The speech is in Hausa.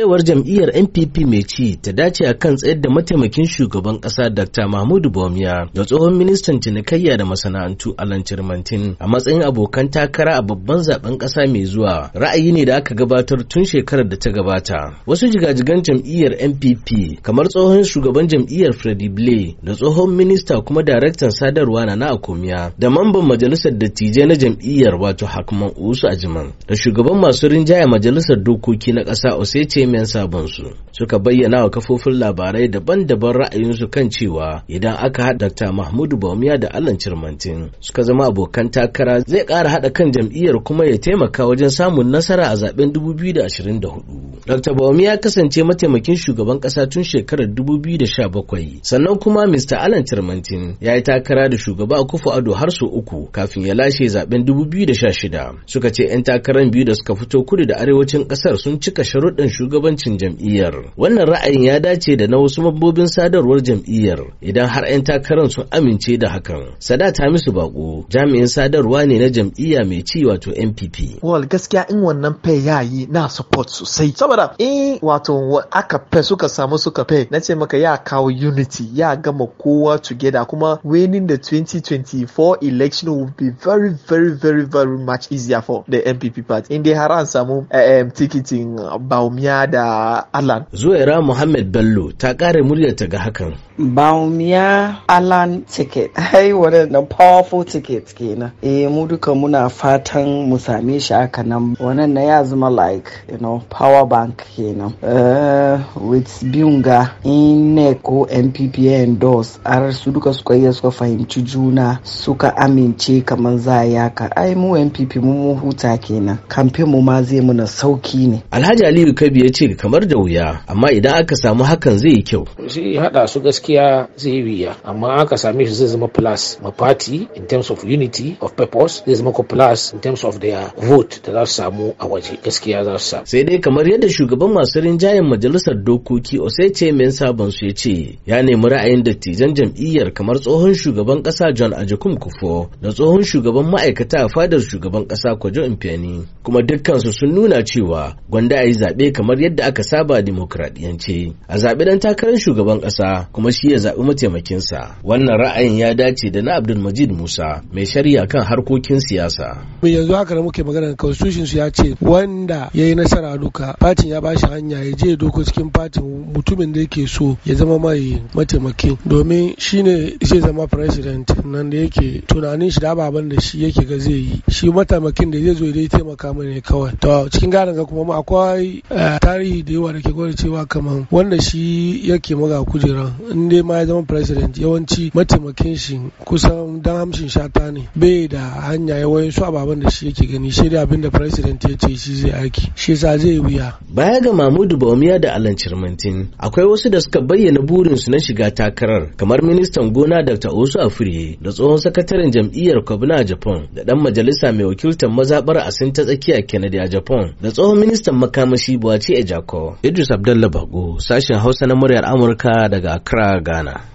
cewar jam'iyyar npp mai ci ta dace a kan tsayar da mataimakin shugaban ƙasa dr mahmudu bomiya da tsohon ministan cinikayya da masana'antu alan cirmantin a matsayin abokan takara a babban zaben ƙasa mai zuwa ra'ayi ne da aka gabatar tun shekarar da ta gabata wasu jigajigan jam'iyyar npp kamar tsohon shugaban jam'iyyar freddy blay da tsohon minista kuma daraktan sadarwa na na akomiya da mamban majalisar dattijai na jam'iyyar wato hakman usu ajiman da shugaban masu rinjaya majalisar dokoki na ƙasa osece sabon sabonsu suka bayyana wa kafofin labarai daban-daban ra'ayinsu kan cewa idan aka haɗa Dr. Mahmudu Bawumia da Allan Cirmantin suka zama abokan takara zai ƙara haɗa kan jam'iyyar kuma ya taimaka wajen samun nasara a zaben 2024. Dr. Bawumia ya kasance mataimakin shugaban ƙasa tun shekarar 2017 sannan kuma Mr. Allan Cirmantin ya yi takara da shugaba Akufo Ado har sau uku kafin ya lashe zaben 2016 suka ce 'yan takarar biyu da suka fito kudu da arewacin ƙasar sun cika sharuɗin shugaban shugabancin jam'iyyar wannan ra'ayin ya dace da na wasu mabobin sadarwar jam'iyyar idan har 'yan takarar sun amince da hakan ta musu bako jami'in sadarwa ne na jam'iyya mai ci wato npp wal gaskiya in wannan fe ya yi na support sosai saboda in wato aka fe suka samu suka fe na ce maka ya kawo unity ya gama kowa together kuma winning the 2024 election will be very very very very much easier for the npp party in dai har an samu eh, eh, tikitin baumia Baumia da Alan. Zuwaira Muhammad Bello ta ƙara muryarta ga hakan. Baumia Alan ticket, hai na powerful ticket kenan. Eh mu duka muna fatan mu same shi haka nan. Wannan na ya zama like, you know, power bank kenan. Uh, with Biunga, INEC ko MPP endorse, har su duka suka yi suka fahimci juna suka amince kamar za yaka. Ai mu MPP mu huta kenan. Kamfe mu ma zai muna sauki ne. Alhaji Aliyu Kabi ya ce kamar da wuya amma idan aka samu hakan zai yi kyau shi hada su gaskiya zai yi wuya amma aka same shi zai zama plus ma party in terms of unity of purpose zai zama ko plus in terms of their vote da za su samu a waje gaskiya za su samu sai dai kamar yadda shugaban masu rinjayen majalisar dokoki ce men sabon su ya ce ya nemi ra'ayin dattijan jam'iyyar kamar tsohon shugaban kasa john ajakum kufo da tsohon shugaban ma'aikata a fadar shugaban kasa kwajo impiani kuma dukkansu sun nuna cewa gwanda a yi zaɓe kamar kamar yadda aka saba dimokuraɗiyance a zaɓi ɗan takarar shugaban ƙasa kuma shi ya zaɓi mataimakinsa wannan ra'ayin ya dace da na abdul majid musa mai shari'a kan harkokin siyasa yanzu haka da muke magana constitution su ya ce wanda ya yi nasara duka fatin ya bashi hanya ya je doko cikin fatin mutumin da yake so ya zama mai mataimaki domin shi ne zai zama president nan da yake tunanin shi da ababen da shi yake ga zai yi shi mataimakin da zai zo ya taimaka ne kawai to cikin garin ga kuma akwai eh, tarihi da yawa da ke gwada cewa kamar wanda shi yake maga kujera in dai ma ya zama president yawanci mataimakin shi kusan dan hamshin shata ne bai da hanya yawan su ababen da shi yake gani shi da abin da president ya ce shi zai aiki shi sa zai wuya baya ga Mahmudu Bawumiya da Alan Cirmantin akwai wasu da suka bayyana burinsu na shiga takarar kamar ministan gona Dr. Osu Afuriye da tsohon sakataren jam'iyyar kwabna a Japan da dan majalisa mai wakiltar mazabar Asin ta tsakiya Kennedy a Japan da tsohon ministan makamashi buwaci Ejako, Idris Abdullah Bago, sashen Hausa na muryar Amurka daga Accra, Ghana.